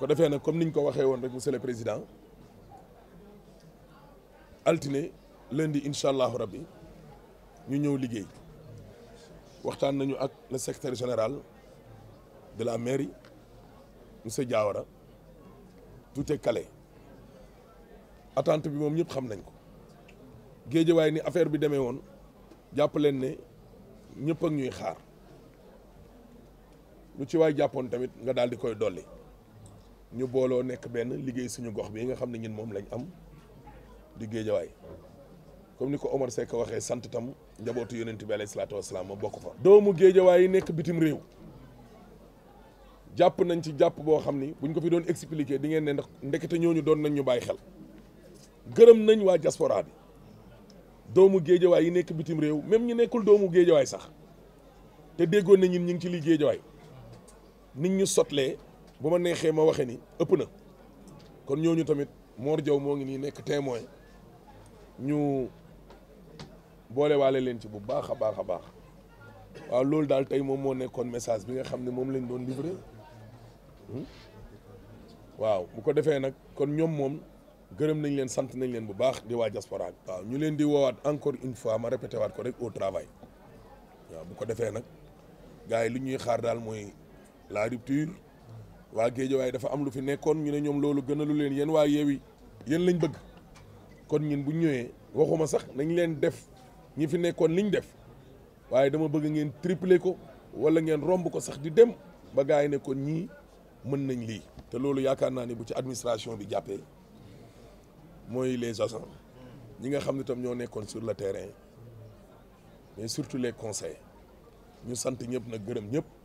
ko defee nag comme niñ ko waxee woon rek monsieur le président altine lundi incha allahu rabbi ñu ñëw liggéey waxtaan nañu ak le secretaire général de la mairie monsieur jaawara tout est calé bi moom ñëpp xam nañ ko géejawaay ni affaire bi demee woon jàpp leen ne ñëpp ak ñuy xaar lu ci waay jàppoon tamit nga daal di koy dolli. ñu booloo nekk benn liggéey suñu gox bi nga xam ne ñun moom lañ am di géejawaay comme ni ko Omar Seck waxee sant tam njabootu yonent bi alayhi salaatu wasalaam ma bokk fa doomu géejawaay yi nekk bitim réew jàpp nañ ci jàpp boo xam ni buñ ko fi doon expliquer di ngeen ne ndax ndekete ñooñu doon nañ bàyyi xel gërëm nañ waa diaspora bi doomu géejawaay yi nekk bitim réew même ñu nekkul doomu géejawaay sax te déggoon na ñun ñu ngi ci li géejawaay nit ñu sotlee bu ma neexee ma waxee ni ëpp na kon ñooñu tamit Mor Diaw moo ngi nii nekk témoin ñu boole waale leen ci bu baax a baax a baax waaw loolu daal tey moom moo nekkoon message bi nga xam ne moom lañ doon livré hmm? waaw bu ko defee nag kon ñoom moom gërëm nañ leen sant nañ leen bu baax di waa diaspora bi waaw ñu leen di woowaat encore une fois ma répété waat ko rek au travail waaw bu ko defee nag gars yi li ñuy xaar daal mooy la rupture waa waaye dafa am lu fi nekkoon ñu ne ñoom loolu gënalu leen yéen waa Yewwi yéen lañ bëgg kon ñun bu ñëwee waxuma sax nañ leen def ñi fi nekkoon liñ def waaye dama bëgg ngeen tripler ko wala ngeen romb ko sax di dem ba gaa yi nekkoon kon mën nañ lii. te loolu yaakaar naa ne bu ci administration bi jàppee mooy les agents ñi nga xam ne tam ñoo nekkoon sur le terrain mais surtout les conseils ñu sant ñëpp nag gërëm ñëpp.